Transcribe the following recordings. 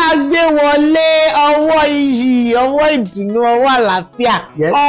tá a gbé wọlé ọwọ́ iyì ọwọ́ ìdùnnú ọwọ́ àlàáfíà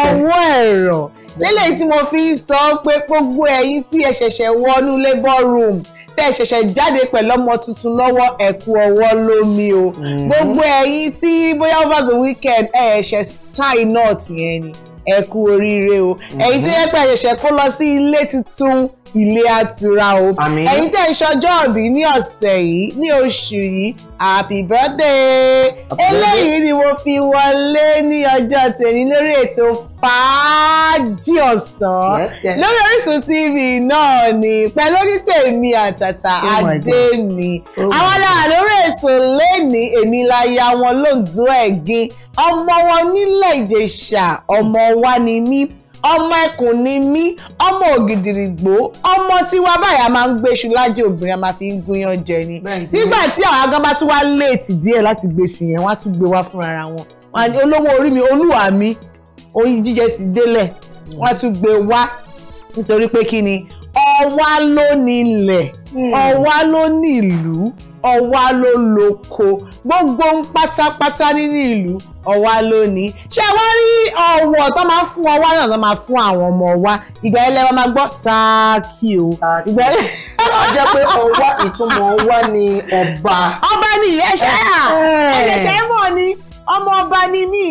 ọwọ́ ẹ̀rọ lélẹ̀ tí mo fi ń sọ pé gbogbo ẹ̀yin tí ẹ ṣẹ̀ṣẹ̀ wọnú labour room tẹ́ ẹ ṣẹ̀ṣẹ̀ jáde pẹ̀lú ọmọ tuntun lọ́wọ́ ẹ̀kú ọwọ́ lómi o mhm. gbogbo ẹ̀yin tí bóyá over the weekend ẹ̀ ṣẹ̀ tie knot yẹn ni ẹ kú oríire o mhm. ẹ̀yin tí yẹ pé ẹ̀ṣẹ̀ kó lọ sí ilé tuntun ilé àtura o ẹ̀yin tẹ̀ ń ṣọjọ́ọ̀bí ní ọ̀sẹ̀ yìí ní oṣù yìí happy birthday eléyìí ni mo fi wọlé ní ọjọ́ tèmi lórí ètò fàájì ọ̀sán lórí Orísun TV náà ni pẹ̀lú onítèmi àtàtà oh adéni oh àwọn alára lórí èso lẹ́ni èmi láya wọn lóńdó ẹ̀gìn ọmọ wọn nílẹ̀ Ìjẹ̀ṣà ọmọ wa ni mí ọmọ ẹkùn ni mí ọmọ ògìdìrìgbò ọmọ tí wá báyà máa ń gbéṣu lájẹ obìnrin a máa fi ń gúnyán jẹ ni nígbà tí àwọn agán bá tún wá léètì díẹ̀ láti gbèsè yẹn wọ́n á tún gbé wá fúnra wọn olówó orí mi olúwa mi oyin jíjẹ ti délẹ̀ wọ́n á tún gbé wá nítorí pé kí ni ọwá ló nílẹ̀ hmm. ọwá ló nílù ọwá ló lóko gbogbo ń pátápátá nínú ìlú ọwá ló ní ṣé wọ́n rí ọwọ́ tó máa ń fún ọwá náà tó máa fún àwọn ọmọ wa ìgbà ẹlẹ́ wọn máa gbọ́ sáàkì o ìgbà ẹlẹ́. ó jẹ́ pé ọwá ìtumọ̀ ọwá ni ọba. ọba ni ìyẹn ṣe é à mọ̀ ni ọmọ ọba ni mí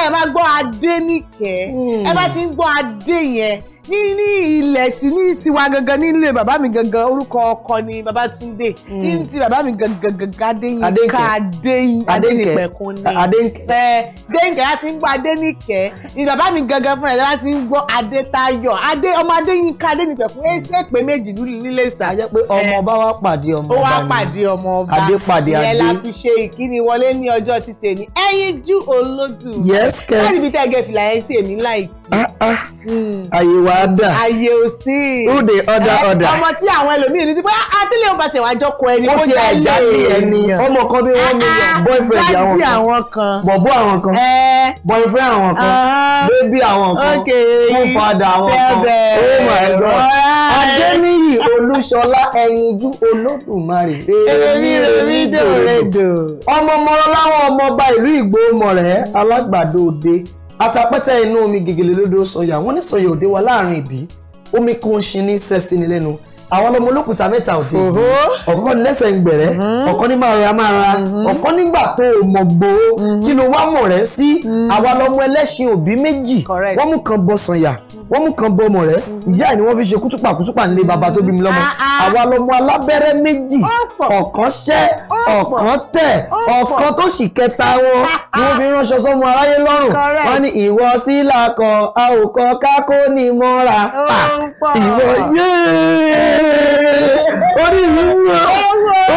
ẹ máa gbọ́ adé nìkẹ́ hmm. ẹ bá ti ń gbọ́ adé yẹn ní ní ilẹ̀ tí ní tiwa gangan nílé bàbá mi gangan orúkọ ọkọ ni Babátúndé ní hmm. ti bàbá mi gangan gangan Adéyínká Adénípẹ̀kun ni Adéyínká láti ah, ń gbọ́ Adéníkẹ́ ní bàbá mi gangan fúnra ẹ̀ láti ń gbọ́ Adétayọ̀ Adé ọmọ Adéyínká Adénípẹ̀kun ẹ̀ ṣe pé méjì lórí nílé ìsà. a jẹ́ pé ọmọ ọba wa pàdé ọmọ ọba ni ó wá pàdé ọmọ ọba Adé pàdé Adé ìyẹn la fi ṣe ìkíni wọlé ní ọjọ́ ti tèmi ẹ̀yin jú olódù. yẹ́sì kẹ́ láti ibi tẹ́ ẹ gẹ́ fìlà ẹ̀ sí èmi láì. Ah, ah. hmm. ayé wa máa dà. ayé ò sí. who dey order order. ọmọ tí àwọn ẹlòmíì ní ti pé ah, adílé ò bá tiẹ̀ wájọ kọ ẹni kó jẹ́ ilé ọmọ kan bí wọ́n mi yàn boyfriend àwọn kan bọ̀bọ̀ àwọn kan boyfriend àwọn kan baby àwọn kan fún fada àwọn kan oh my god adéníyì olúṣọlá ẹyinjú olódùmarè. èmi rèmi dòrèdò. ọmọ mọ́rọ́ láwọn ọmọ ọba ìlú ìgbòho mọ̀rẹ́ alágbàdo òde àtàpẹ́tẹ́ inú omi gègèlè lódò sọyà wọ́n ní sọyà òde wa láàrin ìdí omi kan ṣe ní sẹ́sìn ní lẹ́nu àwọn ọmọ olókùúta mẹ́ta òde ọ̀kọ́kọ́ ní lẹ́sẹ̀ ń gbẹ̀rẹ́ mhm. ọ̀kan ní máa ra máa mhm. ra ọ̀kan nígbà tó o mọ̀ gbòó mhm. kí ló wá mọ̀ rẹ́ sí àwa lọmọ ẹlẹ́ṣin òbí méjì wọ́n mú kan bọ sànyà wọ́n mú kan bọ ọmọ rẹ̀ ìyá ẹ̀ ni wọ́n fi ṣe kútùpà kútùpà nílé bàbá tó bí mi lọ́mọ ah, ah. àwa lọmọ alábẹ́rẹ́ méjì ọ̀kan ṣẹ́ ọ̀kan tẹ̀ ọ̀kan tó sì orí mi wúwo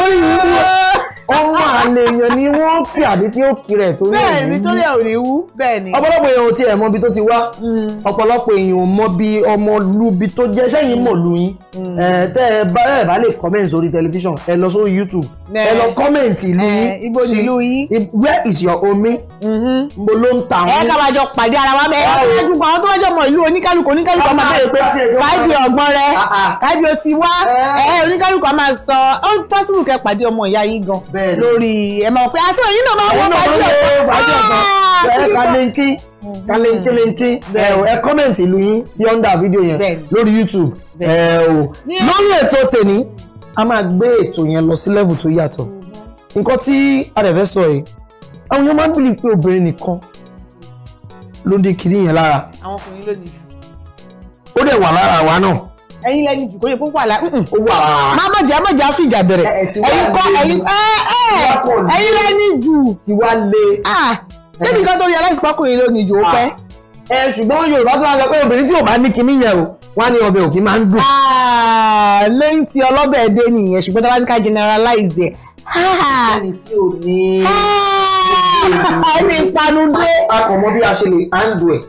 orí mi wúwo ọmọ àlè èèyàn ni wọ́n pè àbí tí ó kiri ẹ̀ tó ní òní bẹ́ẹ̀ ni tó lè òní wú bẹ́ẹ̀ ni. ọ̀pọ̀lọpọ̀ èèyàn ò tiẹ̀ mọ ibi tó ti wá mm. ọ̀pọ̀lọpọ̀ èèyàn ò mọ bí ọmọ lubi tó jẹ́ sẹ́yìn mọ̀ lu yín mm. tẹ́ ẹ bá ẹ bá lè comment sórí tẹlifíṣàn ẹ lọ sórí YouTube ẹ lọ comment ìlú yín ibo ni ìlú yín where is your omi mm-hmm. mo ló ń ta wọn. ẹ ká máa jọ pàdé ara wa mẹ ẹ ká ju àwọn tó bá jọ mọ ìlú oníkálukú oníkálukú máa káìbì ọgbọ́n rẹ káìbì ó ti wá eh. ẹ oníkálukú máa sọ ó pọ́sibù kẹ pàdé ọmọ ìyá yín gan lórí ẹ máa pé àti òyìn náà máa wọ fàájì ọ̀sán ah! ẹ kàlẹ́ńkì kàlẹ́ńkì lẹ́ńkì ẹ kọ́mẹ̀ntì ìlú yín sí ọ́ndà fídíò yẹn lórí YouTube ẹ o lórí ètò tèmi a máa gbé ètò yẹn lọ sí level tó yàtọ̀ nǹkan tí adẹ̀fẹ́ sọ yìí àwọn èèyàn máa ń bìlì pé obìnrin nìkan ló ń di kiri yẹn lára àwọn ọkùnrin ló ní jù ó dẹ̀ wà lára wa náà ẹ̀yin lẹni jù kó yẹ kó wà lá máa má jà má jà fìjà bẹ̀rẹ̀ ẹ̀yin kọ́ ẹ̀yin ẹ̀yin lẹni jù. tiwa le. débi kan tó rí aláìsípákùnrin lónìí jù ó pẹ́ ẹ ṣùgbọ́n yorùbá tó máa sọ pé obìnrin tí ò bá ní kinní yẹn o wọ́n á ní ọbẹ̀ òkè máa ń dùn. lẹ́yìn tí ọlọ́bẹ̀ dé nìyẹn ṣùgbọ́n tí a bá ti ká generalize ẹ̀. ẹni tí ò ní. ẹni ìpanu dé. a kò mọ bí a ṣe lè handle ẹ̀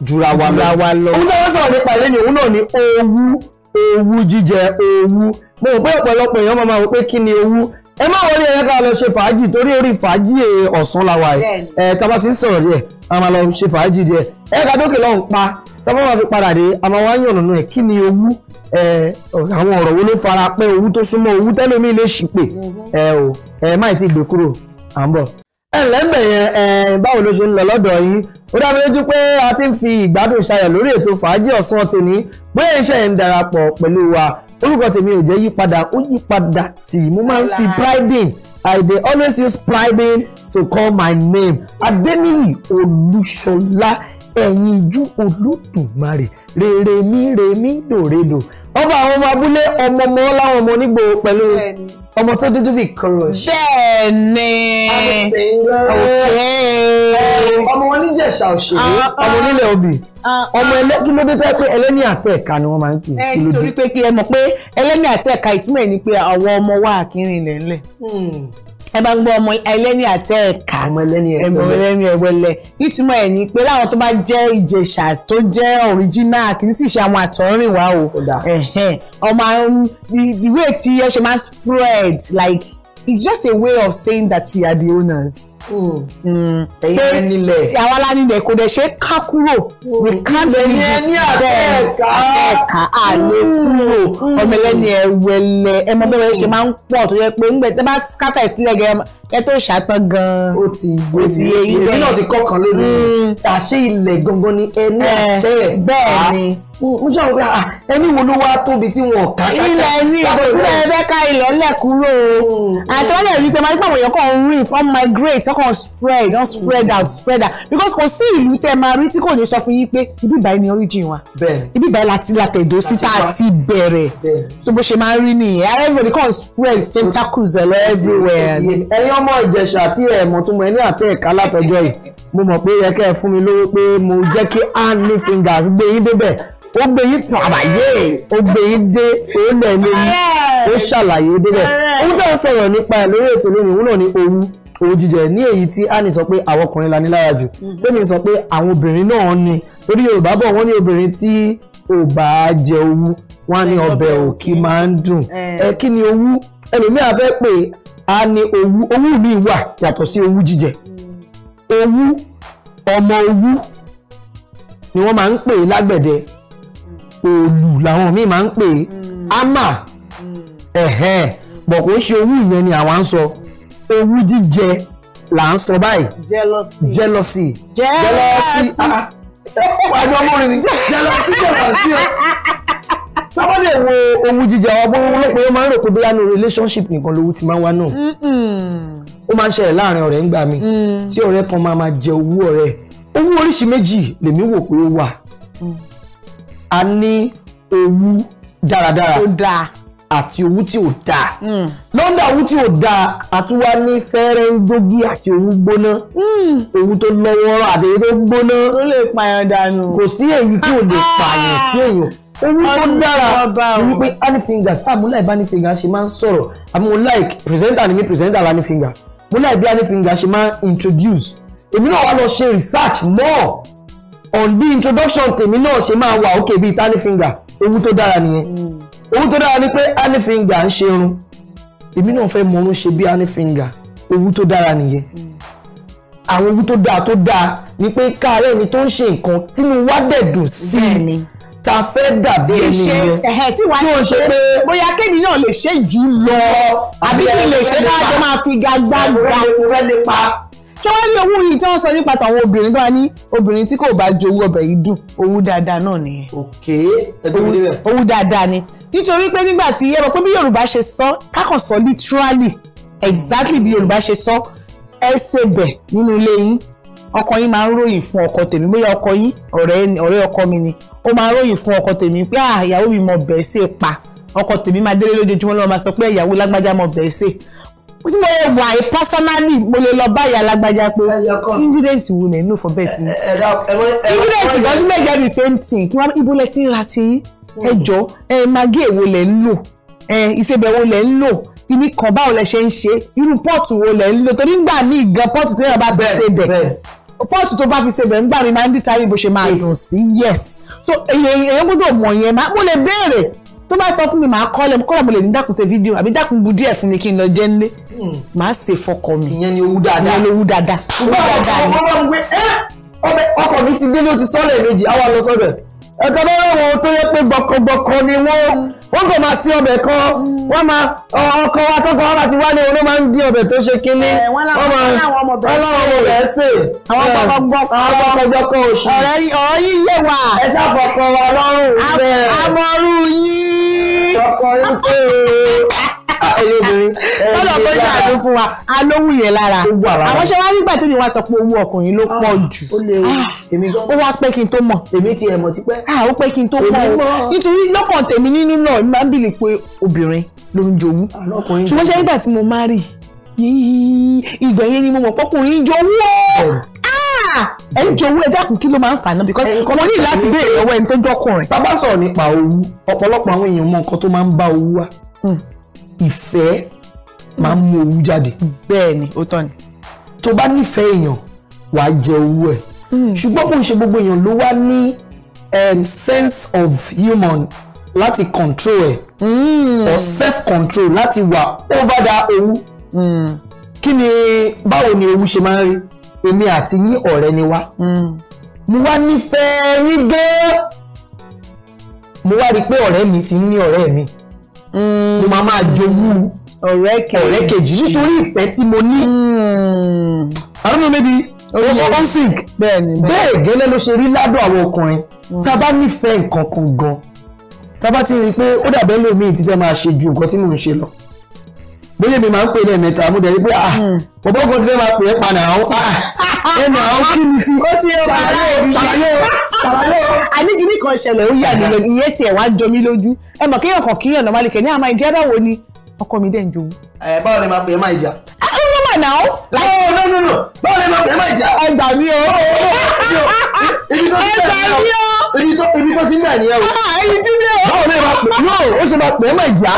jura wa lọ. jura wa lọ. ohun tí wọ́n sọ̀rọ̀ nípa ilé ni òun náà ni owú owú jíjẹ owú mo rò pé ọ̀pọ̀lọpọ̀ èèyàn máa wò pé kí ni owú ẹ má wọlé ẹ̀yẹ ká lọ ṣe fàájì torí orí fàájì ọ̀sán la wà yìí ẹ̀ tábà ti ń sọ̀rọ̀ díẹ̀ a máa lọ ṣe fàájì díẹ̀ ẹ̀ ká dókè lọ́hùn pa tábà máa fi padà dé a máa wá yàn nínú ẹ̀ kí ni owú àwọn ọ̀rọ̀ wo ló fara pẹ́ owú tó súnmọ́ owú tẹ́lómi lè ṣì pè ẹ̀ o ẹ̀ má ti gbé kúrò à ń bọ̀. ẹ̀ lẹ́gbẹ̀ẹ́ yẹn báwo ló ṣe ń lọ lọ́dọ̀ yín ó dá mi lójú pé a ti ń fi ìgbádùn ṣayọ̀ lórí ètò fàájì ọ̀sán tòní bóyá iṣẹ́ yẹn ń darapọ̀ pẹ̀lú wa orúkọ tèmi ò jẹ́ yípadà ó yípadà tì mo máa ń fi priding I dey always use priding to call my name Adeniyi Olúṣọlá ẹ̀yinjú Olódùmarè rèrèmí rèmí dòredò ọba àwọn ọmọ abúlé ọmọ ọmọ láwọn ọmọ onígbò pẹ̀lú ọmọ tó dúdú bíi korosh. bẹ́ẹ̀ni ọmọ wọn níjẹ̀ṣà òṣèré ah, ah. ọmọ onílẹ̀ obì ah, ọmọ ẹlẹ́kìlódé tẹ́ pé ẹlẹ́ni àti ẹ̀ka ni wọ́n máa ń eh, kí i. ẹ nítorí pé kí ẹ mọ̀ pé ẹlẹ́ni àti ẹ̀ka ìtumọ̀ ẹ̀ ni pé àwọn ọmọ wa kì í rìn lẹ́ńlẹ̀. Hmm ẹ bá ń gbọ́ ọmọ ẹlẹ́ni àtẹ ẹ̀ka ọmọ ẹ̀wẹ̀lẹ̀ nítumọ̀ ẹ̀ ni pé láwọn tó bá jẹ́ ìjẹ̀ṣà tó jẹ́ ọ̀ríjínà kì í sì ṣe àwọn àtọ̀rìn wa o ọmọ ìwé tí ẹ ṣe máa spread like it's just a way of saying that we are the owners ẹ̀yin nílẹ̀ àwa la nílẹ̀ kò dẹ̀ ṣe é ká kúrò ìkànnì ní abẹ́ẹ̀ká abẹ́ẹ̀ká àlè kúrò mm. ọmọlẹ́ni ẹ̀wẹ̀lẹ̀ ẹmọ bẹ́ẹ̀ ṣe máa ń pọ̀ tó yẹ pé ńgbẹ́ tẹ́ bá kátà ìsílẹ̀ gẹ ẹ tó ṣàtàn gan-an ó ti gbé ti eyín rẹ̀ èmi náà ti kọ́kàn lónìí mm. àṣé ilẹ̀ gangan ni ẹni àtẹ́ bẹ́ẹ̀ ah. ni mo jẹ́ òkúta ah, ẹni wo ló wá tóbi tí wọn kà kàkà ilẹ̀ ní ìpínlẹ̀ ẹ̀fẹ́ ká ilẹ̀ lẹ̀ kúrò mm. àtọ́lẹ̀ rí pé máa ń pàwọn èèyàn kan ń rìn fún migrate kàn spread don spread out spread out because kò sí ìlú tẹ máa rí tí kò ní sọ fún yín pé ibi ìbáyìí ni origin wa ibi ìbáyìí láti látẹ̀dó sí tá a ti bẹ̀rẹ̀ so bó ṣe máa ń rí nìyẹn everybody kàn spread tentacles ẹ̀ lọ everywhere. ẹ̀yin ọmọ Ìjẹ̀ṣà àti ẹ̀mọ̀ tó mọ ẹni àtẹ̀ ẹ̀ka látọjọ́ yìí mo mọ̀ pé yẹ kẹ́ ẹ fún mi lówó pé mo jẹ́ kí hand me fingers gbé yín débẹ̀ ó gbé yín tàbàyè ó gbé yín dé òun náà lórí ó ṣàlàyé débẹ̀ òun náà sọ̀rọ̀ nípa ẹ̀ lórí ètò lónìí òun náà ní owó òjìjẹ ní èyí tí ani sọ pé àwọn ọkùnrin la ní lára jù mhm. tèmi sọ pé àwọn obìnrin náà ni torí yorùbá bọ̀ wọn ni obìnrin tí ò bá jẹ owú wọ́n ni ní ọbẹ̀ òkì máa ń dùn eh. ẹ kí ni owú ẹlòmíà fẹ́ pé a ní owú owú mi wà yàtọ̀ sí owú jíjẹ owú ọmọ owú ni wọ́n máa ń pè lágbẹ̀dẹ òòlù làwọn míì máa ń pè mm. ámà mm. ẹ̀hẹ́ bọ̀ kò ń ṣe owú ìyẹn ni àwa ń sọ. So owú jíjẹ là ń sọ báyìí. jealousy jealousy jealousy ah wàá jọ mú rin jealousy jealousy o sábà lè wo owú jíjẹ àwọn ọmọ wọn lọ́pọ̀ yóò máa ń rò pé bóyá ní relationship nìkan lówó ti máa ń wá náà ó máa ń ṣẹlẹ̀ láàrin ọ̀rẹ́ ń gbà mí mm. tí ọ̀rẹ́ kan máa máa jẹ owú ọ̀rẹ́ owú oríṣi méjì lèmi wò pé ó wà mm. a ní owú dáradára tó dáa àti owó tí ò dáa lọ́ndà owó tí ò dáa àtúwá ní fẹ́rẹ́ ń dógí àti owó gbóná hmm. owó tó lọ́wọ́rọ́ àti owó tó gbóná tó lè pààyàn dànù kò sí èyí tí ò lè ah, ah. pààyàn tí èèyàn owó tó dára wípé anifingers ah mo like bí anifingers ṣe máa ń sọ̀rọ̀ àmọ́ like presenter ni mi presenter la anifinger mo like bí anifingers ṣe máa ń introduce èmi náà wá lọ ṣe research more on bí introduction tèmi náà ṣe máa wà òkè bíi tanifinger ohun tó dára nìyẹn hmm. ohun tó dára ni pé anifinga ń ṣe irun èmi náà fẹ́ mọ orun ṣe bí anifinga ohun tó dára nìyẹn hmm. àwọn ohun tó dáa tó dáa ni pé káàárẹ̀ mi tó ń ṣe nǹkan tí mo wá dẹ̀ dùn sí i ta fẹ́ dàbí ènìyàn tí wọ́n ṣe pé bóyá kéde náà lè ṣe jù lọ àbí kí lè ṣe máa jọ máa fi gagbága. ẹ̀rọ rẹ lè pa ṣé wọ́n ní owó yìí tí wọ́n sọ nípa tàwọn obìnrin tó wà ní obìnrin tí kò bá ju ọbẹ̀ yìí dùn owó dáadáa náà nìyẹn. ok ẹgbẹ́ mi níbẹ̀. owó dáadáa ni nítorí pé nígbà tí ẹ mọ̀ pé bí Yorùbá ṣe sọ kákan sọ literally exactly bí Yorùbá ṣe sọ ẹ ṣe bẹ̀ nínú ilé yín ọkọ yín máa ń ròyìn fún ọkọ tèmi bóyá ọkọ yín ọ̀rẹ́ ọkọ mi ni ó máa ń ròyìn fún ọkọ tèmi pé ah, ìyàwó mi mọ̀ bẹ́ẹ̀ sí pa ọkọ tèmi máa délé lójoojúmọ́ lọ́wọ́ máa sọ pé ìyàwó lágbájá mọ̀ bẹ́ẹ̀ sè tí mo wà ẹ pásánálì mo lè lọ báyà lágbájá pé ingredients wo lè lò for bẹ́ẹ̀ tí ingredients ìgbà tí mẹ́jọ the same thing kí wọ́n ibo lẹ ti ra ti ẹ hmm. ẹ magi èwo lẹ ń lò ẹ ìsebẹ̀ wo lẹ ń lò ibi kan báwo lẹ ṣe ń ṣe irú pọ́ọ̀tù wo lẹ ń lò torí ń gbà ní ìgan pọ́ọ̀tù tí wọ́n bá fi ṣe bẹ̀ pọ́ọ̀tù tó bá fi ṣe bẹ̀ ń gbà ní máa ń dìtà ní bó ṣe máa dùn sí yes so èyàn gbọ́dọ̀ mọ̀ yẹn mo lè béèrè tó bá sọ fún mi màá kọ́ lẹ́mu kọ́ra mo lè ní dákun ṣe fídíò àbí dákun bu díẹ̀ fún mi kí n lọ jẹ́ nílé hmm. màá ṣe fọkọ mi. ìyẹn ni owú dáadáa ìyẹn ni owú dáadáa. ṣùgbọ́n ọkọ̀ ọlọ́run pé ẹ́ ọkọ̀ mi ti dé ló ti sọ́ọ̀lẹ̀ méjì àwọn lọ ẹ̀ka bá wọn tó yẹ pé gbọkọgbọkọ ni wọ́n wọ́n kò máa sí ọbẹ̀ kan wọ́n máa ọkọ wa tọ́kọ wa ti wá ní wọn ló máa ń dín ọbẹ̀ tó ṣe kínní wọ́n láwọn ọmọ bẹ̀rẹ̀ sè àwọn gbọ́kọ̀gbọ́kọ̀ oṣù ọ̀rọ̀ yìí yé wa ẹ ṣàfọ̀kọ̀ wa lọ́rùn bẹ́ẹ̀ àmọ́rú yín. ọkọ̀ yín pé o. ẹyẹ obìnrin lọ́dọ̀ kó ṣàánú fún wa alówù yẹn lára àwọn ṣe wá nígbà tí mi wá sọ pé owó ọkùnrin ló pọ̀ ah, jù ó ah, wá pé kí n tó mọ̀ èmi ti ẹ̀ mọ̀ ti ah, pẹ́ ó pé kí n tó mọ̀ o nítorí lọ́kàn tèmi nínú náà máa ń bìlì pé obìnrin ló ń jowú ṣùgbọ́n ṣe nígbà tí mo má rì ìgbà yẹn ni mo mọ̀ pọ́kùnrin jowú ọ́ ẹ ń jowú ẹ dákun kí ló máa ń fà náà because mo ní láti béèrè ọwọ́ ẹni tó jọkùnrin. tá a bá sọ̀rọ̀ nípa owó ọ̀pọ̀lọpọ̀ àwọn èèyàn mọ nǹkan tó máa ń bá owó wa ìfẹ́ máa ń mú owú jáde. bẹ́ẹ̀ ni ó tọ́ ni. tó bá nífẹ̀ẹ́ èèyàn wàá jẹ owú ẹ̀ hmm. ṣùgbọ́n kò ṣe gbogbo èèyàn ló wá ní um, sense of human láti control ẹ̀ hmm. or self control láti wà over that owú. Mm. kí ni báwo ni owú ṣe máa ń rí èmi àti yín ọ̀rẹ́ ni wá. Mm. mo wá nífẹ̀ẹ́ yín gan mo wá rí i pé ọ̀rẹ́ mi ti ń ní ọ̀rẹ́ mi. Mm mo máa máa jowú ọ̀rẹ́ kejì nítorí ìfẹ́ tí mo ní. àdúgbò mẹ́bi ó ń sìn bẹ́ẹ̀ gẹ́lẹ́ ló ṣe rí ládùn àwọn ọkùnrin hmm. tá a bá nífẹ̀ẹ́ nǹkan kan gan tá a bá ti rí i pé ó dàbẹ́ lómi ti fẹ́ máa ṣe ju nǹkan tí mò ń ṣe lọ bóyá mi máa ń pè ní ẹ̀mẹ́ta mo dẹ̀ rí pé ah hmm. bọ̀bọ̀ kan ti fẹ́ máa pè é padà àwọn ah ẹnu àwọn kí ni ti ṣàlàyé o ṣàlàyé o ṣàlàyé o. àníbi nìkan ṣẹlẹ̀ ó yà mí lẹ́nu iye ẹsẹ̀ wá jọ mí lójú ẹ mọ̀ kéèyàn kan kéèyàn náà má lè kẹ́ ní àmà ìjẹ́ báwo ni ọkọ mi dẹ̀ ń jowú. ẹ báwo ni máa pè é máa jà. ẹ ló mà náà. báwo ló nù nù báwo ni máa pè é máa jà. ẹ gbà mí o. ẹ gbà mí o. ibi tó ti mẹ́ ni ẹ o. Ah, ibi tó ti mẹ́ ni ẹ o. báwo ni máa pè é máa jà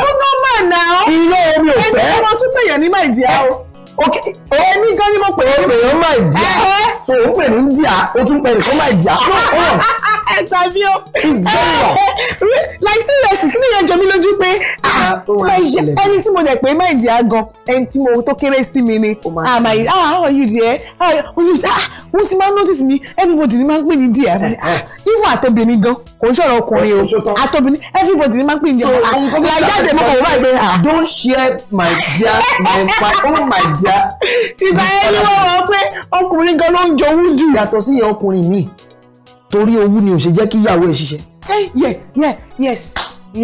náà. irọ́ omi ò fẹ́. ẹsẹ̀ ọmọ tún pèyàn ní màìdíà o èmi gan ni mo pè é pè é má jà So ń pè ní jà ó tún pè nìkan má jà. ẹgbà mi o like seriously kí ni ìyẹn jọ mí lójú pé ah, ah, ẹni tí mo dẹ̀ pé má jà gan ẹni tí mo tó kéré sí mi ni àmà ah, yìí ah how are you dear Ah, are you ah wọ́n ti máa notice mi everybody ni máa ń pè ní dear eh, eh. even àtobìnrin gan kò ń ṣọ̀rọ̀ ọkùnrin o àtobìnrin everybody ni máa ń pè ní dear like jáde mo kàn wọ́n báyìí ah. don't share my dear my own oh, my dear já. ìgbà yẹn ni wọ́n wọ́n pé ọkùnrin gan ló ń jowú jù. yàtọ̀ sí ìyẹn ọkùnrin míì torí owú ni ò ṣe jẹ́ kí ìyàwó ẹ̀ ṣiṣẹ́. yẹ yẹ yes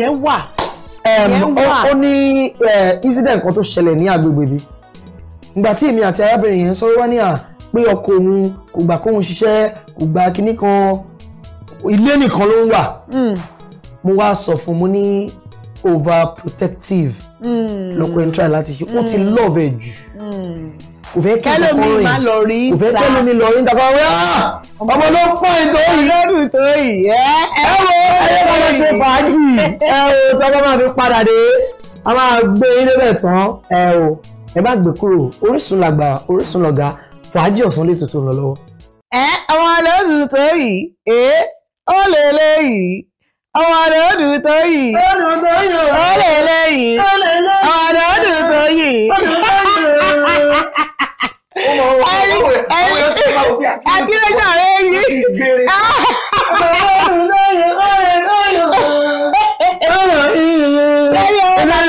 yẹn wà. ó ní incident kan tó ṣẹlẹ̀ ní agbègbè mi ìgbà tí èmi àti arábìnrin yẹn sọ wá ní à pé ọkọ òun kò gbà kóun ṣiṣẹ́ kò gbà kinní kan ilé nìkan ló ń wà hmm. mo wá sọ fún mo ní overprotective hmm. lọ́kọ ẹ̀ ń try láti ṣe ó ti hmm. love ẹ̀ jù hmm. kò fẹ́ kí ọkọ rìn kò fẹ́ kẹ́lómi lọ rí níta kọ́ ọmọ ló pọ̀ ètò yìí lọ́dún tó yìí ẹ wo ẹyẹ kan lọ ṣe fàájì ẹ o tí ọkọ máa fi padà dé a máa gbé yín débẹ̀ tán ẹ o ẹ bá gbé kúrò Orísun làgbà Orísun lọ̀gá fàájì ọ̀sán lè tuntun lọ lọ́wọ́. ẹ ọmọ lè tuntun yìí ẹ ọmọ lè lè yìí ọmọ rẹ̀ ó dùn tó yìí ó lè lẹ́yìn ọmọ rẹ̀ ó dùn tó yìí. Akílẹ́jà rẹ̀ yìí. Lẹ́yìn ọmọ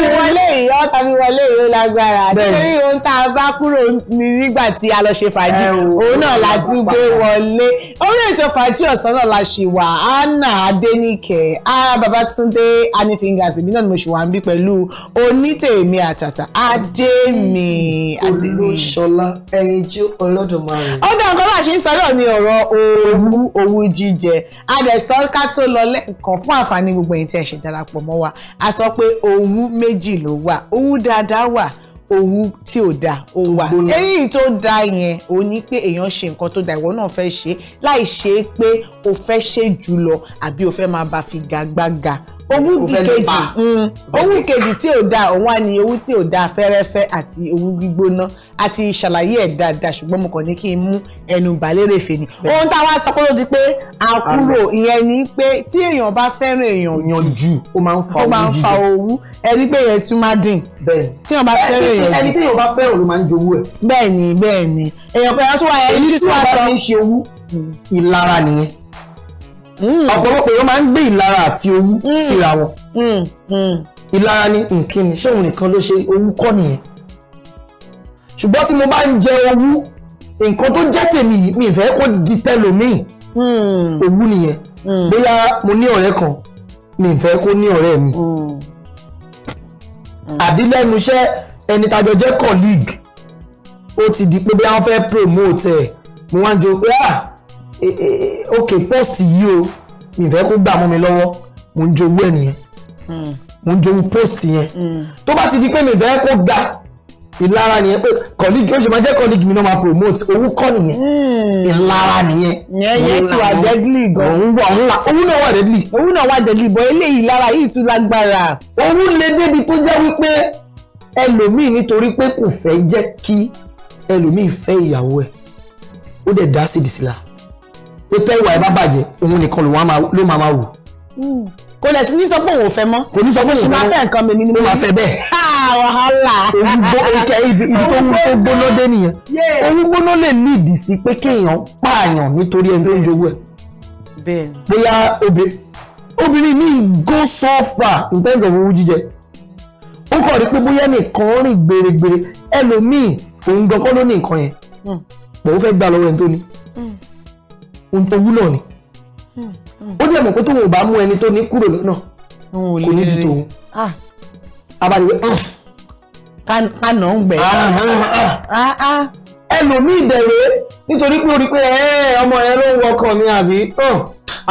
rẹ̀ wọlé ìyá ọ̀tá wọlé ìwé lágbára nítorí ohun tá a bá kúrò nígbà tí a lọ ṣe fàájì òun náà la tún gbé wọlé orí ètò fàájì ọ̀sán náà la ṣì wà anna adéníkẹ́ ara babatunde anifingas èmi náà ni mo ṣì wà ń bí pẹ̀lú onítèmi àtàtà adémi olóṣọlá ẹyin jí ọlọ́dúnmarè. ó dá nǹkan bá a ṣe ń sọ̀rọ̀ ní ọ̀rọ̀ owó owó jíjẹ a dẹ̀ sọ ká tó lọ lẹ́ẹ̀kan fún àǹfààní gbogbo ẹ̀yin tí ẹ ṣe darapọ̀ mọ́ wa a sọ pé owó méjì lówó wà ohun dáadáa wà ohun tí ò da ó wà èyí tó da yẹn ò ní pé èèyàn ṣe nǹkan tó da ìwọ náà fẹ́ ṣe láì ṣe é pé o fẹ́ ṣe jù àbí o fẹ́ máa bá fi gagbága owú ìkejì mm. owú ìkejì tí ò da òun á ní owú tí ò da fẹ́rẹ́fẹ́ àti owú gbígbóná àti ìṣàlàyé ẹ̀ dáadáa ṣùgbọ́n mo kàn ní kí n mú ẹnu ìbálẹ̀rẹ̀ ni. ohun táwa sọ pé ó di pé a ìyẹn ni pé tí èèyàn bá fẹ́ràn èèyàn jù ó máa ń fa owú ẹni pé èèyàn tún máa dín. bẹ́ẹ̀ni tí èèyàn bá fẹ́ràn èèyàn jù ẹni tí èèyàn bá fẹ́ràn ló máa ń jowú ẹ̀. bẹ́ẹ̀ni bẹ́ẹ̀ni èèyàn pẹ̀lú àtúwà ẹni tí wọ́n bá fi ń ṣe owú ìlara nìyẹn Hmm. ọ̀pọ̀lọpọ̀ èèyàn máa ń gbé ìlara àti owú hmm. síra wọn hmm. ìlara ni nkíni ṣé òun nìkan ló ṣe owú kọ́ nìyẹn ṣùgbọ́n tí mo bá ń jẹ owú nǹkan tó jẹ́ tèmi mi ìfẹ́ kó di tẹlòmíì owú nìyẹn bóyá mo ní ọ̀rẹ́ kan mi ìfẹ́ kó ní ọ̀rẹ́ mi àbí lẹ́nu iṣẹ́ ẹni tàjọ jẹ́ colleague ó ti di pé bí wọ́n fẹ́ promote ẹ̀ mo wá ń jọ pé ah Eh, eh, eh, ok post yìí o mi fẹ́ kó gbà mọ́ mi lọ́wọ́ mo ń jowó ẹ̀ nìyẹn hmm. mo ń jowó post yẹn hmm. tó bá ti di pé mi fẹ́ kó gbà ìlara nìyẹn pé colleague ó ṣe máa jẹ́ colleague mi náà máa promote owó kọ́ nìyẹn hmm. ìlara nìyẹn. yẹn yẹn ti wà deadly gan. òun wà ńlá owó náà wà deadly. owó náà wà deadly bọ́ eléyìí lára yìí tún lágbára. owó lè débi tó jẹ́ wípé ẹlòmíì nítorí pé kò fẹ́ jẹ́ kí ẹlòmíì fẹ́ ìyàwó ẹ̀ ó dẹ̀ dá sídìí síla pé tẹ́wà ẹ bá bàjẹ́ òun nìkan ló máa máa wù hmm. kò lẹ̀ sí ní sọ pé òun ò fẹ́ mọ́ kò ní sọ pé òun máa fẹ́ nǹkan mi ni mo máa fẹ́ bẹ́ẹ̀. wàhálà olùgbò ìkẹ́ ibi tó ń tó gbóná dé nìyẹn òun gbóná lè ní ìdí sí pé kéèyàn pààyàn nítorí ẹni tó ń jowó ẹ̀. bóyá obìnrin mi go so far in terms of owó jíjẹ ó kàn rí pé bóyá nìkan ó rìn gbèrègbèrè ẹlòmíì òun gan kọ́ ló ní nǹkan yẹn pọ̀ hmm. ó fẹ́ gbà lọ́wọ́ ẹni tó ní. Hmm ohun tó wúlò ni hmm, hmm. ó dẹ̀ mọ̀ pé tóun ò bá mú ẹni tó ní kúrò lọ́nà kò ní di tòun abariwe kànà ń gbẹ. Ah, ah, ah, ẹlòmíì dẹ̀rẹ̀ nítorí pé o rí pé ọmọ yẹn ló ń wọkàn mi àbí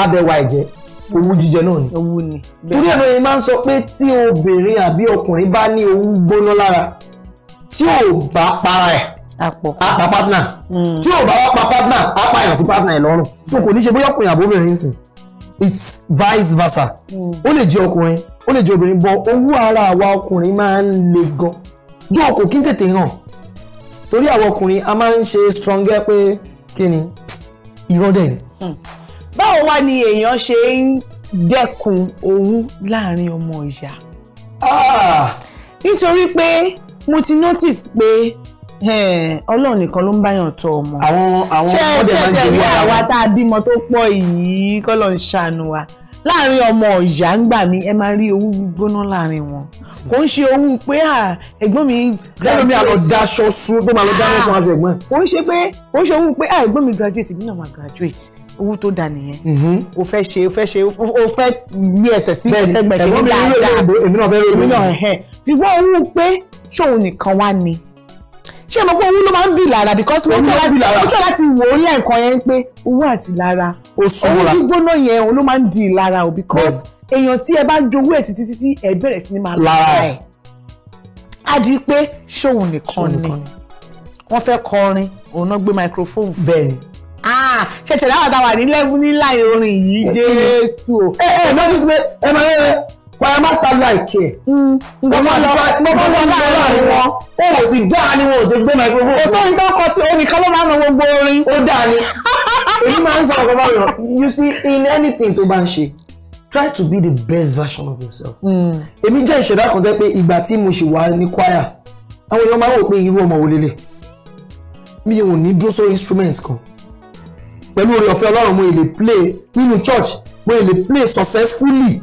abẹ́wà ẹ̀jẹ̀ owú jíjẹ náà ni. owú ni. torí ẹ̀rọ yìí máa ń sọ pé tí obìnrin àbí ọkùnrin bá ní owú gbóná lára tí ò bá para ẹ̀ àpọ̀ partner hmm. tí ò bá wá pa partner á pa èèyàn sí partner ẹ̀ lọ́rùn so kò ní ṣe bóyá ọkùnrin àbóbìnrin ń sìn it's vice versa hmm. ó lè jẹ́ ọkùnrin ó lè jẹ́ obìnrin bọ owó ara àwa ọkùnrin máa ń le gan yóò kò kí n tètè hàn torí àwọn ọkùnrin a máa ń ṣe stronger pé kí ni irọ́ dẹ̀ ni. Hmm. báwo wá ni èèyàn ṣe ń dẹ́kun owú láàrin ọmọ ìyá. Ah! nítorí pé mo ti notice pé ọlọ́run nìkan ló ń báyàn tọ́ ọmọ. àwọn àwọn ọmọdé máa ń jẹ wíwá àwa tá a bímọ tó pọ̀ yìí kọ́lọ̀ ń ṣàánú wa láàrin ọmọ ìyá ń gbà mí ẹ máa rí owó gbígbóná láàrin wọn kò ń ṣe owó pé ẹ̀gbọ́n mi. lẹ́nu mi àlọ́ daṣọ sun tó máa lọ dáná sun aṣọ ẹ̀gbọ́n. kò ń ṣe pé kò ń ṣe owó pé ẹ̀gbọ́n mi graduate mi náà máa graduate owó tó da nìyẹn o mm-hmm. fẹ́ ṣe o fẹ́ ṣe o fẹ́ gbé ẹsẹ̀ sí ẹgbẹ̀ṣẹ̀ ní dáadáa èmi náà fẹ́ rẹ̀ èmi náà ẹ̀ ṣùgbọ́n owó pé ṣòun nìkan wá ni ṣé mo pé owó ló máa ń bì lára because mo tọ́ láti wò ó lẹ́ẹ̀kan yẹn pé owó àti lára owó gbígbóná yẹn òun ló máa ń di lára o because èèyàn tí ẹ bá jowó ẹ̀ títí títí ẹ bẹ̀rẹ̀ sí ni máa lára ẹ̀ á di pé ṣóun nìkan ni wọ́n fẹ́ kọrin òun náà gbé microphone fún bẹ́ẹ̀ ni ah, ṣe tẹ̀lé àwọn àtàwọn àdínlẹ́fún nílà ìròyìn yìí jésù. ẹ ẹ lọ́dún sí pé ẹ máa ń rẹ choir master like ẹ̀. Hmm. mo máa lọ mo máa lọ láàrin wọn o ò sì dáa ni wọn ò ṣe gbé microphone. kò sóhun tó kọ tí onìkan ló máa ń mọ gbogbo orin. ó dáa ni èmi máa ń sọ ọkọ báyọ̀ you see in anything tó bá ń ṣe try to be the best version of yourself. Hmm. èmi jẹ́ ìṣẹ̀dá kan jẹ́ pé ìgbà tí mo ṣì wà ní choir àwọn èèyàn máa ń wò pé irú ọmọ wo lélẹ̀ mi ò ní dúró sórí instrument kan pẹ̀lú oore ọ̀fẹ́ ọlọ́run mo lè play nínú church mo lè play successfully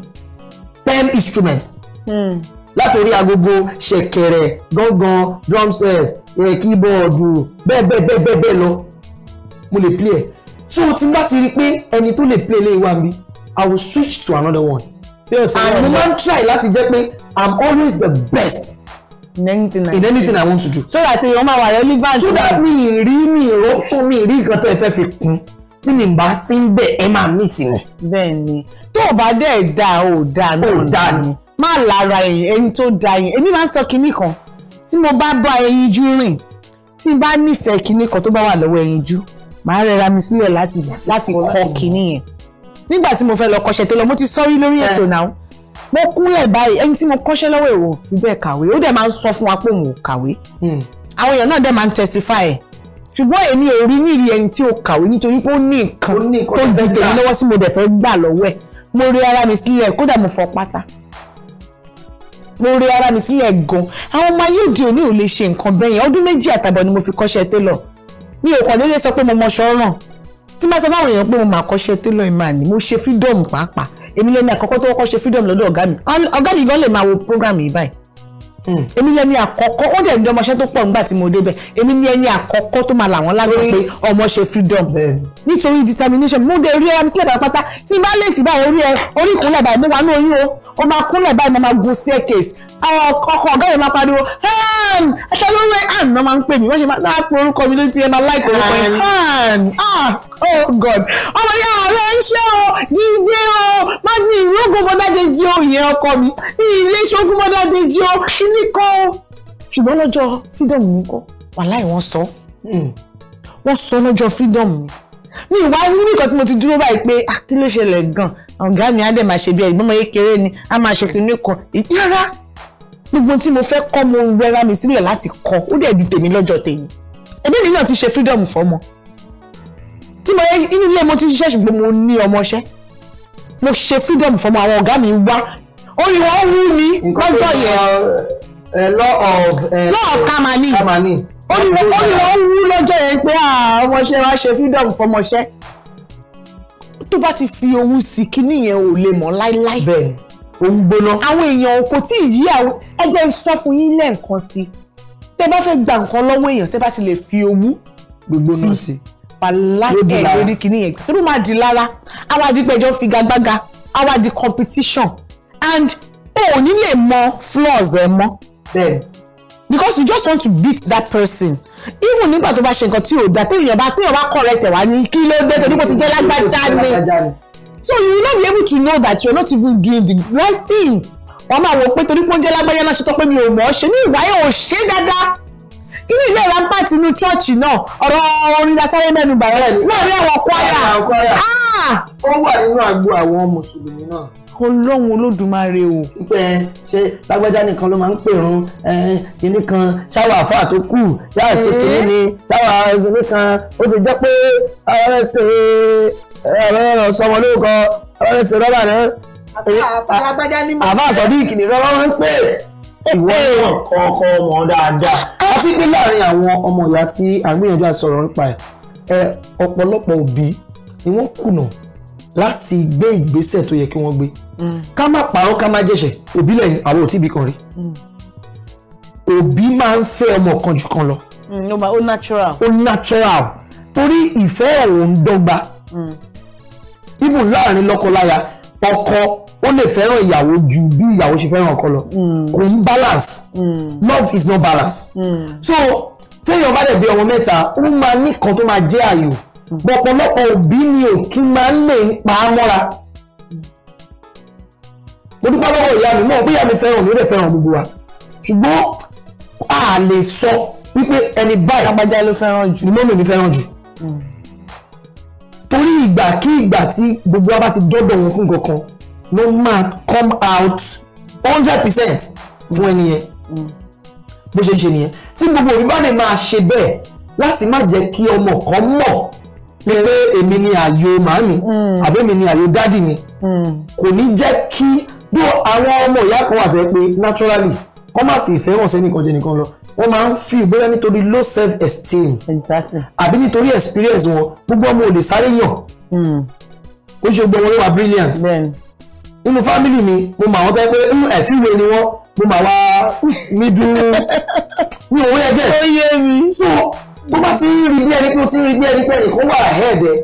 ten instruments. Mm. látòrí agogo ṣẹ̀kẹ̀rẹ̀ gángan drum set eh, kíbọọdù bẹ́ẹ̀ bẹ́ẹ̀ bẹ́ẹ̀ bẹ́ẹ̀ bẹ́ẹ̀ lọ mo lè play ẹ so tí n bá ti rí i pé ẹni tó lè play lè wá mi i will switch to another one yes, and mo máa ń try láti jẹ́ pé i'm always the best in anything I, in anything I want to do. so that èèyàn máa wà relevant. so that mi ì rí mi ì rọ́ṣọ́ mi rí nǹkan tó ẹ fẹ́ fi kún tí mi bá sí ń bẹ̀ ẹ máa mí sí ni. bẹ́ẹ̀ ni tó o bá dẹ̀ da o da náà da ni má lára ẹ̀yìn ẹni tó da yẹn èmi máa ń sọ kinní kan tí mo bá bá ẹyinjú rìn tí n bá nífẹ̀ẹ́ kinní kan tó bá wà lọ́wọ́ ẹyinjú màá rẹra mi sílẹ̀ láti kọ́ kinní yẹn nígbà tí mo fẹ́ lọ kọ́ṣẹ́ tó lọ mo ti sọ́rí lórí ètò náà mo kúnlẹ̀ báyìí ẹni tí mo kọ́ṣẹ́ lọ́wọ́ èrò fi bẹ́ẹ̀ kàwé ó dẹ̀ máa ń sọ fún wa pé òun ò kàwé hmm. àwọn èèyàn náà dẹ̀ máa ń testify ṣùgbọ́n èmi ò rí ní ìrí ẹni tí ó kàwé nítorí pé ó ní nǹkan tó ju tèmi lọ́wọ́ sí mo dẹ̀ fẹ́ gbà lọ́wọ́ ẹ̀ mo rí ara mi sílẹ̀ kódà mo fọ pátá mo rí ara mi sílẹ̀ gan àwọn ọmọ ayé òde òní ò lè ṣe nǹkan bẹ́ẹ̀ yẹn ọdún méjì àtàbọ̀ ni mo fi kọ́ṣẹ́ télọ̀ mi ò kàn déédéé sọ pé mo mọṣọ ràn tí máa sọ fáwọn èèyàn pé mo máa kọ́ṣẹ́ télọ̀ ìmọ̀ àní mo ṣe freedom pàápàá èmi lẹ́nu àkọ́kọ́ tó kọ́ṣẹ́ freedom lọ́dọ̀ ọ̀gá mi ọ̀gá mi gan lè máa wo program yìí báyìí Mm. èmi lẹni àkọ́kọ́ ó dẹ̀ ní ọmọọṣẹ́ tó pọ̀ nígbà tí mo débẹ̀ èmi ni ẹni àkọ́kọ́ tó máa làwọn lágbà pé ọmọ freedom nítorí determination mo dé rí ẹran sílẹ̀ báyìí pátá tí bá lè sí báyìí orí ẹ orí ìkúnlẹ̀ báyìí mo wà ní oyún o ó máa kúnlẹ̀ báyìí máa gun staircase ọkọ̀ ọ̀gá mi máa pariwo han aṣọ́lórí han náà máa ń pè mí wọ́n ṣe máa náà ah, pe orúkọ mi létí ẹ máa láì pé han ah oh god ọmọ yẹn ọ̀rẹ́ ń ṣe o dídé o má ní ìrógùn bọ́dá dé jí o ìyẹn ọkọ mi ilé ṣogún bọ́dá dé jí o ní kọ́ ṣùgbọ́n lọ́jọ́ freedom mi kọ́ wàláì wọ́n sọ hmm. wọ́n sọ lọ́jọ́ freedom mi mi ìwà oníkan tí mo ti dúró báyìí pé ah kí ló ṣẹlẹ̀ gan ọ̀gá mi á dẹ̀ máa ṣe bí ẹ̀gbọ́n mi kékeré ni á máa ṣe kìnìún kan ìyára gbogbo tí mo fẹ́ kọ́ mo rẹra mi sílẹ̀ láti kọ́ ó dẹ̀ di tèmi lọ́jọ́ tèmi ẹbí mi náà ti ṣe freedom fọmọ tí mo inú ilé mo ti ṣiṣẹ́ ṣùgbọ́n mo ní ọmọṣẹ́ mo ṣe freedom fọmọ àwọn ọ̀gá mi wá orí wọn wú ni lọ́jọ́ yẹn. Eh, law of eh, law of kamani orí wọn wú lọ́jọ́ yẹn pé ah, ọmọọṣẹ́ wa ṣe freedom fọmọṣẹ́ tó bá ti fi owó sí kinní yẹn ò lè mọ̀ láíláí. bẹ́ẹ̀ òun gbóná. àwọn èèyàn kò tí ì yí àwọn ẹgbẹ́ sọ fún yín lẹ́ẹ̀kan sí tẹ bá fẹ́ gba nǹkan lọ́wọ́ èèyàn tẹ bá ti lè fi owó gbígbóná sí pàlàkẹ́ lórí kinní yẹn torí máa di lára àwa di pẹ̀jọ́ figagbága àwa di competition and o ò ní lè mọ flaws ẹ mọ́. bẹ́ẹ̀ because you just want to beat that person even nígbà tó bá ṣe nǹkan tí ò dá téèyàn bá téèyàn bá correct ẹ̀ wá ní kí ló dé torí mo ti jẹ́ lágbájá ni so you will not be able to know that you are not even doing the right thing wọ́n máa wò pé torí pé ó jẹ́ lágbájá náà ṣe tọ́ pé mi ò mọ̀ ọ́ ṣe ní ìwáyé ò ṣe dáadáa inú ilé ìlànà pàtì inú chọ́ọ̀chì náà ọ̀rọ̀ orin lásán yẹn mẹ́nu bàrẹ́ rẹ̀ lórí àwọn kwara ó wà nínú agbo àwọn mùsùlùmí náà. ọlọ́run olódùmarè o. pípẹ́ ṣé lágbájá nìkan ló máa ń pèrun kínní kan ṣáwà àfáà tó kù yáà ti mm-hmm. kínní ni ṣáwà kínní kan ó ti jẹ́ pé ọ̀rẹ́ ṣe ọ̀rẹ́ sọmọ lórúkọ ọ̀rẹ́ ṣe rọ́bà náà. àbá àbá sọ̀díìkì nìkan wọ́n máa ń pè é ìwọ náà kọ ọkọ ọmọ dáadáa. àti pé láàrin àwọn ọmọ ìyá tí àgbéyànjú àsọ̀rọ̀ nípa ẹ̀ ọ̀pọ̀lọpọ̀ òbí ni wọ́n kùnà láti gbé ìgbésẹ̀ tó yẹ kí wọ́n gbé ká má parọ́ ká má jẹ̀ṣẹ̀ òbí lẹ́yìn àwọn òtí ibì kan rí òbí máa ń fẹ́ ọmọ kan jù kan lọ. Mm, ó natural. ó natural torí ìfẹ́ òun dọ́gba mm. even láàrin lọ́kọláya ọkọ ó lè fẹ́ràn ìyàwó ju bí ìyàwó ṣe fẹ́ràn ọkọ lọ mm. kò ń balance love is not balance. so téèyàn bá dẹ̀ bí ọmọ mẹ́ta ó máa ní kan tó máa jẹ́ àyò bọ̀pọ̀lọpọ̀ òbí ni òtún máa ń lè pa á mọ́ra mo dúpẹ́ lọ́wọ́ ìyá mi náà bóyá mi fẹ́ràn mi ò lè fẹ́ràn gbogbo wa ṣùgbọ́n a lè sọ wípé ẹni báyìí lágbájá ló fẹ́ràn jù ni mọ́mì mi fẹ́ràn jù hmm. torí ìgbà kí ìgbà tí gbogbo wa bá ti dọ́dọ̀ wọn fún nǹkan kan ló máa come out hundred percent fún ẹni yẹn hmm. bó ṣe ń ṣe nìyẹn tí gbogbo òbí bá lè máa ṣe bẹ́ẹ̀ láti má jẹ́ kí ọmọ kan mọ̀ ni pé èmi ni ààyò màámi mm. àbí èmi ni ààyò dádì mi mm. kò ní jẹ́ kí bí àwọn ọmọ ìyá kan wà fẹ́ pé naturally wọ́n máa fi ìfẹ́ hàn sẹ́nìkan jẹ nìkan lọ wọ́n máa ń fi ìgbóyà nítorí low self esteem àbí nítorí experience wọn gbogbo ọmọ ò lè sáré yàn mm. ó ṣe gbogbo wọn ló wà brilliant nínú fámìlì mi mo mọ àwọn pẹ́ pé nínú ẹ̀fíwe ni wọ́n mo mọ àwa middle mi ò wọ́n yẹ gẹ̀ so tó bá ti ń rí bí ẹni pé o ti ń rí bí ẹni pé nǹkan wà ahead ẹ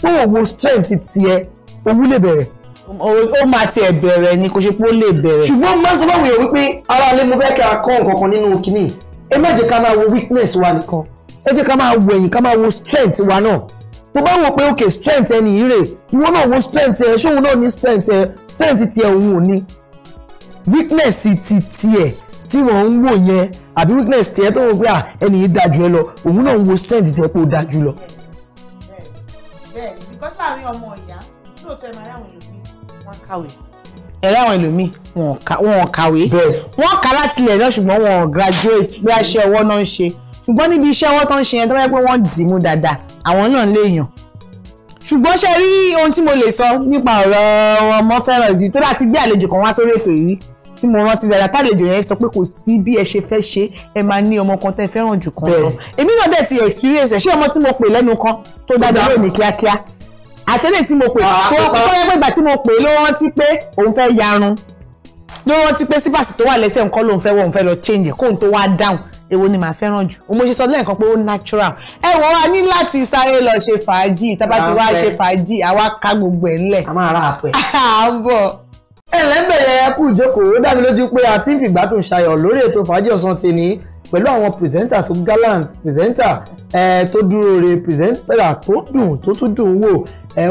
tó o wo strength tiẹ̀ owó lè bẹ̀rẹ̀. ó máa tiẹ̀ bẹ̀rẹ̀ ni kò ṣe pé ó lè bẹ̀rẹ̀. ṣùgbọ́n máa ń sọ fáwọn èèyàn wípé ara lè mo fẹ́ kí a kọ́ nǹkan kan nínú kinní ẹ má jẹ́ ká máa wo weakness wa nìkan ẹ jẹ́ ká máa wo ẹ̀yìn ká máa wo strength wa náà tó bá wò pé ok strength ẹni yìí rè ìwọ náà wo strength ẹ ṣóun náà ní strength ẹ strength tiẹ̀ òun ò ní weakness ti tiẹ̀ tí wọ́n ń wò yẹn àbí weakness tiẹ̀ tó wọ́n pé à ẹni yìí dájú ẹ lọ òun náà ń wo strength tiẹ̀ pé dájú lọ. ẹ̀rẹ́ àwọn ẹlòmíì wọn ò kàwé wọ́n kà láti ilẹ̀ náà ṣùgbọ́n wọn ò graduate bí aṣẹ ọwọ́ náà ń ṣe ṣùgbọ́n níbi iṣẹ́ ọwọ́ tó ń ṣe yẹn tó bá yẹ pé wọ́n dì mú dáadáa àwọn náà lè yàn ṣùgbọ́n ṣe rí ohun tí mo lè sọ nípa ọ̀rọ̀ ọmọ fẹ́ràn ìdí tó láti gbé àlejò kan wá sórí ètò yìí tí mo rántí dáadáa tálejò yẹn sọ pé kò sí bí ẹ ṣe fẹ́ ṣe ẹ máa ní ọmọ kan tẹ́ fẹ́ràn jù kan lọ èmi náà dẹ̀ ti experience ẹ̀ ṣé ọmọ tí mo pè lẹ́nu kan tó dáadáa lónìí kíákíá àtẹ́lẹ̀ tí mo pè ah, tó wọ́n ah, ah. pé ìgbà tí mo pè ló rántí pé òun fẹ́ yarun ló rántí pé sípàsì tó wà lẹ́sẹ̀ nǹkan lòun fẹ́ wọ́n fẹ́ lọ change kóun tó wá down èwo ni màá fẹ́ràn jù mo ṣe sọ lẹ́ẹ̀kan pé ó natural ẹ wọ́n wá ní láti sáré lọ ṣe fàájì tábà ti wá ṣe fàájì àwa ká gbogbo ẹ̀ ńlẹ̀. a máa ra àpẹ. à bọ̀ ẹ̀lẹ́ ń bẹ̀rẹ̀ ẹ kú ìjókòó ó dá mi lójú pé a ti ń fìgbà tó ṣayọ̀ lórí ètò fàájì ọ̀sán tèmi pẹ̀lú àwọn pìrìsẹ́ńtà tó gallant pìrìsẹ́ńtà tó dúró re pìrìsẹ́ńtà tó dùn tó tún dùn wò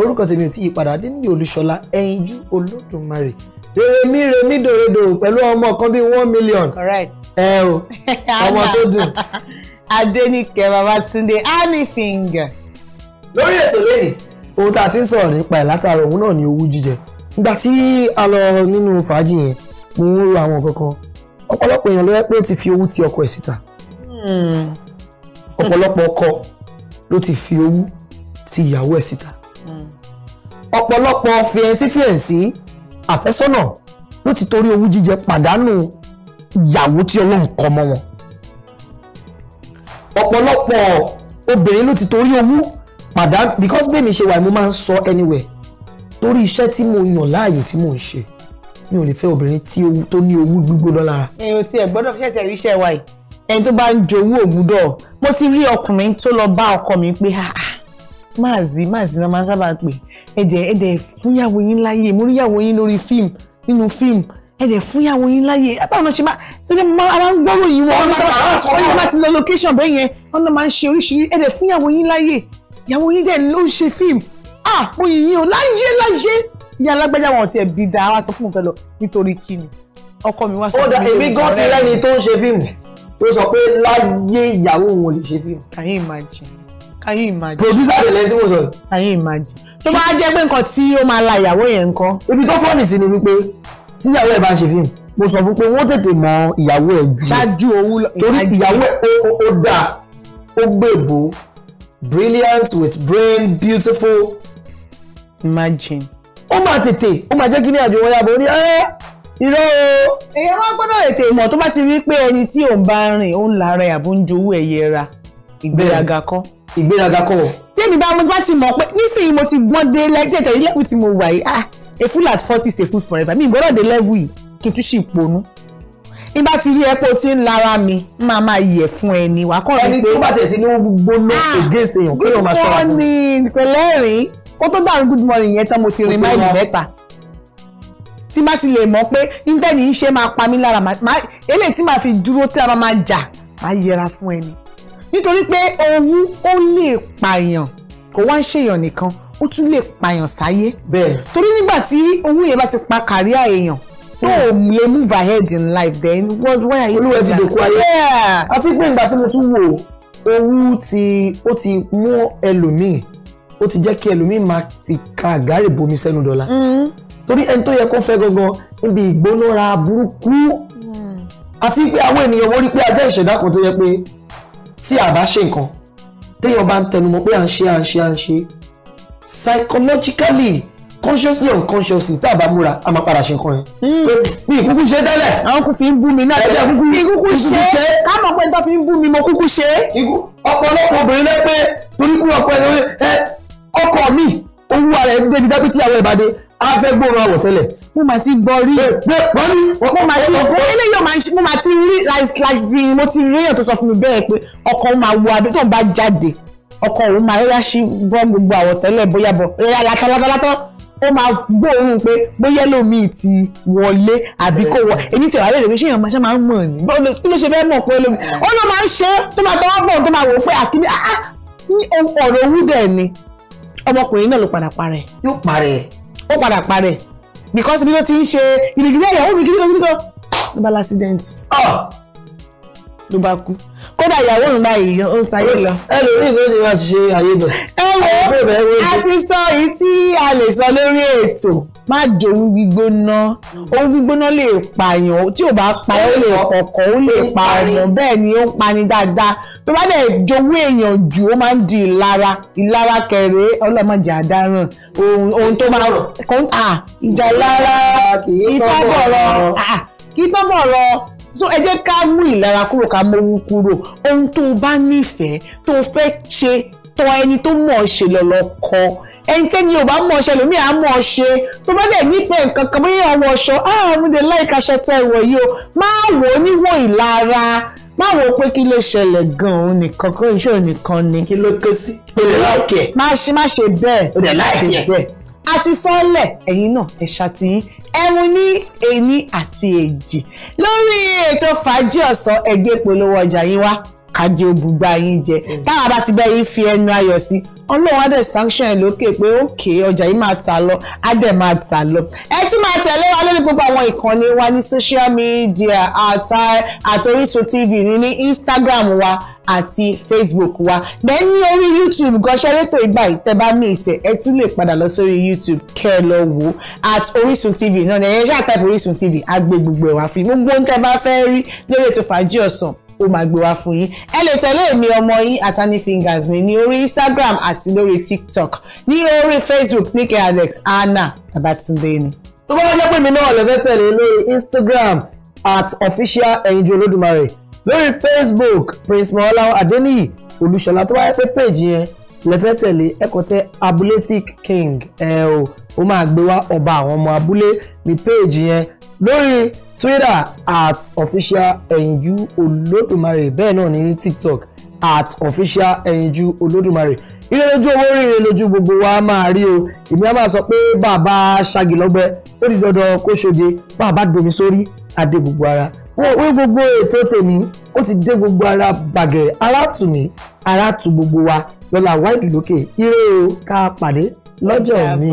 orúkọ tèmi ti ìpadà dé ní olúṣọlá ẹyinjú olódùmarè rèmi rèmi dòredò pẹ̀lú ọmọ kan bíi one million ẹ o ọmọ tó dùn. Adéníkẹ́ Babátúndé honey finger. lórí ètò lẹ́yìn ohun tá a ti ń sọ̀rọ̀ nípa ẹ̀ látara òun náà ni owú jíjẹ ìgbà tí a lọ nínú fàájì yẹn mo ń ro àwọn kankan ọ̀pọ̀lọpọ̀ èèyàn ló yẹ pé ó ti fi owó ti ọkọ ẹ̀ síta hmm. ọ̀pọ̀lọpọ̀ ọkọ ló ti fi owó ti ìyàwó ẹ̀ síta hmm. ọ̀pọ̀lọpọ̀ fìyẹ̀nsí fìyẹ̀nsí àfẹ́sọ́nà ló ti torí owó jíjẹ pàdánù ìyàwó tí ọlọ́run kọ mọ́ wọn ọ̀pọ̀lọpọ̀ obìnrin ló ti torí owó pàdánù because bẹ́ẹ̀ mi ṣe wà mo máa ń sọ anywhere torí iṣẹ́ tí mo yàn láàyò tí mo ń ṣe mi ò lè fẹ́ obìnrin tó ní owó gbígbóná lára. èèyàn ti ẹ̀ gbọ́dọ̀ fẹsẹ̀ rí iṣẹ́ wa yìí ẹni tó bá ń jowú ògbúdọ̀ mo ti rí ọkùnrin tó lọ bá ọkọ mi pé máàzí máàzí náà máa sábà pè ẹ̀dẹ̀ ẹ̀dẹ̀ fúnyàwó yín láyè mo rí yàwó yín lórí fíìmù nínú fíìmù ẹ̀dẹ̀ fúnyàwó yín láyè abáwọn ṣe máa tó dé máa ń gbọ́rọ̀ yìí wọ́n wọ́n máa ti lọ location bẹ́ẹ̀ yẹn wọ́n náà máa ń ṣe oríṣiríṣi ẹ̀dẹ̀ fúnyàwó yín láyè ìyàwó yín dẹ̀ ló ń ṣe fíìmù ah mo o láyé láyé ìyá alágbájá wọn ti ẹ̀ da wá sọ fún un fẹ́ nítorí kí ọkọ mi wá sọ fún mi. ó dà èmi gan ti rẹ́ni tó ń ṣe fíìmù tó sọ pé láyé ìyàwó òun lè ṣe fíìmù. can you imagine can you imagine. producer rẹ̀ lẹ́yìn tí mo sọ. can you imagine. tó bá jẹ́ pé nǹkan tí ó máa la ìyàwó yẹn ńkọ́. ibi tó fọ́ọ̀nì sí ni wípé tíyàwó ẹ̀ bá ń ṣe fíìmù mo sọ fún pé wọ́n tètè mọ ìyàwó ẹ̀ jù. ṣáájú owó lọ torí ìyàwó brilliant with brain beautiful imagine. ó máa tètè ó máa jẹ́ kí ní àjò wọn yàgò ní ẹ́ irọ́ o èèyàn máa gbọ́dọ̀ ètè ìmọ̀ tó bá ti rí pé ẹni tí òun bá rìn òun lára ẹ̀ àbó ń jowú ẹ̀yẹ ra ìgbéraga kọ́. ìgbéraga kọ́ wọ̀. tèmi bá mo bá ti mọ̀ pé nísìnyí mo ti gbọ́n dé lẹ́jẹ̀tẹ̀ ilé ìwé tí mo wà yìí ah a fool at forty is a fool forever mi gbọ́dọ̀ dé level yìí kí n tún ṣì ponú nígbà tí rí epo tí ń lára mi máa máa yẹ fún ẹni wà kọ́ ni pé ẹni tí ó bá tẹ̀sí ní gbóná ah, against èèyàn kéèyàn máa ṣọ́ra fún mi. kò ní pẹ̀lẹ́rìn kó tó dàrú good morning yẹn tán mo ti rin máìlì mẹ́ta tí má ti lè mọ̀ pé intanet yìí ṣe máa pa mí lára eléyìí tí màá fi dúró tí a máa jà á yẹra fún ẹni nítorí pé owó ó lè pààyàn kò wá ń ṣèyàn nìkan ó tún lè pààyàn sáyé torí nígbà tí owó yẹn bá ti pa kàríà èèyàn tó o lè move ahead in life then what why are you doing that? olúwa ti dòkú ayé àti pé ìgbà tí mo tún wò owó tí ó ti mú ẹlòmíì ó ti jẹ́ kí ẹlòmíì máa fi ka àgárè bomi sẹ́nu dọ́là mm-hmm. torí ẹni tó yẹ kó fẹ́ gangan níbi ìgbónára burúkú mm-hmm. àti pé àwọn ènìyàn wọ́n rí pé a jẹ́ ìṣẹ̀dá kan tó yẹ pé tí a bá ṣe nǹkan téèyàn bá ń tẹnumọ́ pé à ń ṣe à ń ṣe à ń ṣe psychologically consciously unconsciously tá a bá múra a máa padà ṣe nǹkan yẹn. Mm. mi ìkúkú ṣe tẹ́lẹ̀. àwọn kò fi ń bú mi náà tẹ́lẹ̀ kúkú ìkúkú ṣe ká mọ̀ pé n tó fi ń bú mi mo kúkú ṣe. ọ̀pọ̀lọpọ̀ obìnrin lẹ́ torí kú ọ̀pọ̀ ẹ̀ ọkọ mi owó ara ẹgbẹ́ ibi dábìtì àwọn ìbàdàn afẹ́ gbóòrò àwọ̀ tẹ́lẹ̀. mo máa ti gbọ́ rí mo máa ti gbọ́ eléyìí mo máa ti rí láìsí mo ti rí èèyàn tó sọ fún mi bẹ́ẹ̀ pé ọkọ òun máa wo abẹ́ tó ń bá jáde ọkọ òun máa rẹ́yà sí bọ́ gbogbo àwọ̀ tẹ́lẹ̀ bóyá bọ̀ rẹ́yà látọ̀ látọ̀ látọ̀ ó máa gbóòórùn pé bóyá lómi ti wọlé àbí kò wọ èyí tẹ̀wá lè rèé ṣé èèyàn máa máa ń mọ̀ ní kí ló ṣe fẹ́ mọ̀ pé lómi ó ló máa ń ṣe tó máa tọwọ́ bọ̀ tó máa wò ó pé àkíní ah, ah, ah, ọ̀rọ̀ owó dẹ̀ ni ọmọkùnrin náà ló padà parẹ́. yóò parẹ́. ó padà parẹ́ because bí ló ti ń ṣe ìrìngìrì ẹ̀yàwó mi kiri lórí kan ló bá lásìdẹ̀ǹtì ló bá kú kódà ìyàwó mi báyìí ó ń sáyé lọ. ẹlòmíì ló ti máa ṣe àyè bẹ̀. ẹ wo a ti sọ èyí tí a lè sọ lórí ètò má jẹ ohun gbígbóná ohun gbígbóná lè pààyàn tí ò bá pa ó lè kọ̀ọ̀kan ó lè pa ọ̀nà bẹ́ẹ̀ ni ó ń pani dáadáa tó bá dẹ̀ jowó èèyàn jù ó máa ń di ìlara ìlara kẹrẹ ọlọ́mọdé àdáràn ohun tó máa kọ́ ìjà lára ìtọ́bọ̀rọ̀ kí tọ́bọ̀rọ̀ so ẹ jẹ́ ká mú ìlara kúrò ká mọ́wú kúrò ohun tó o bá nífẹ̀ẹ́ tó o fẹ́ ṣe tọ ẹni tó mọ̀ ọ́ ṣe lọ́lọ́ kọ ẹnikẹ́ni ò bá mọ̀ ọ́ ṣe lómi à mọ̀ ọ́ ṣe tó bá dẹ̀ nífẹ̀ẹ́ nǹkan kan bóyá ọwọ́ ọṣọ ààrùn dé láìka aṣọ tẹ ìwọ̀ yìí o máa wò ó níwò ìlara máa wò ó pé kí ló ṣẹlẹ̀ gan-an òun nìkan kó iṣẹ́ òun nìkan ni. kí ló ké sí. òdè láìkẹ́. má ṣe bẹ́ẹ̀. òdè láìkẹ́ àti sọ́lẹ̀ ẹ̀yin náà ẹ̀ ṣàtì ẹmu ní ení àti èjì lórí ètò fàájì ọ̀sán ẹgbẹ́ polówó ọjà yín wá kájé òbúgbà yín jẹ mm. táwa bá ti bẹ́ yín fi ẹnu ayọ̀ sí ọlọ́run á sanction ẹ̀ lókè pé òkè ọjà yìí máa tà lọ á dẹ̀ máa tà lọ. ẹ tún máa tẹ̀lé wa lórí gbogbo àwọn ìkànnì wa ní social media àti Orísun TV ní ní Instagram wa àti Facebook wa bẹ́ẹ̀ ní orí YouTube gọ́ṣẹ́ lẹ́tọ̀ ìgbà yìí tẹ́ bá mí ìsẹ̀ ẹ tún lè padà lọ sórí YouTube kẹ́ ẹ lọ wò at Orísun TV náà ẹ̀yẹ́ ṣáà type Orísun TV á gbé gbogbo ẹ̀ wá fún yín gbogbo ohun tẹ́ bá fẹ́ rí lórí ètò fàájì ọ̀sán ó máa gbé wá fún yín ẹ lè tẹ̀lé èmi ọmọ yín atani fingers mi ní orí instagram àti lórí tiktok ní orí facebook nike alex anna babatunde ni. tó bá wá jẹ́ pé mi náà lè tẹ̀lé lórí instagram at official ẹ̀yinjú olódùmarè lórí facebook prince mọ́láwọ́ adéníyì olùṣọ́lá tó wáyé pé péèjì yẹn lẹ́fẹ́ tẹ̀lé ẹ̀kọ́ tẹ abuletic king ẹ̀ o ó máa gbé wá ọba àwọn ọmọ abúlé ní péèjì yẹn lórí twitter at official ẹ̀yinjú olódùmarè bẹ́ẹ̀ náà ní tiktok at official ẹ̀yinjú olódùmarè ilé lójú owó rírẹ lójú gbogbo wa máa rí o èmi á máa sọ pé bàbá ṣagilọ́gbẹ́ ó di dandan kó ṣoje bàbá domi sórí adé gbogbo ara wọ́n gbogbo ètò tèmi ó ti dé gbogbo ara bàgẹ́ arátùmí arátù gbogbo wa lọ́la wáìdì lókè ire o ká pàdé lọ́jọ́ mi.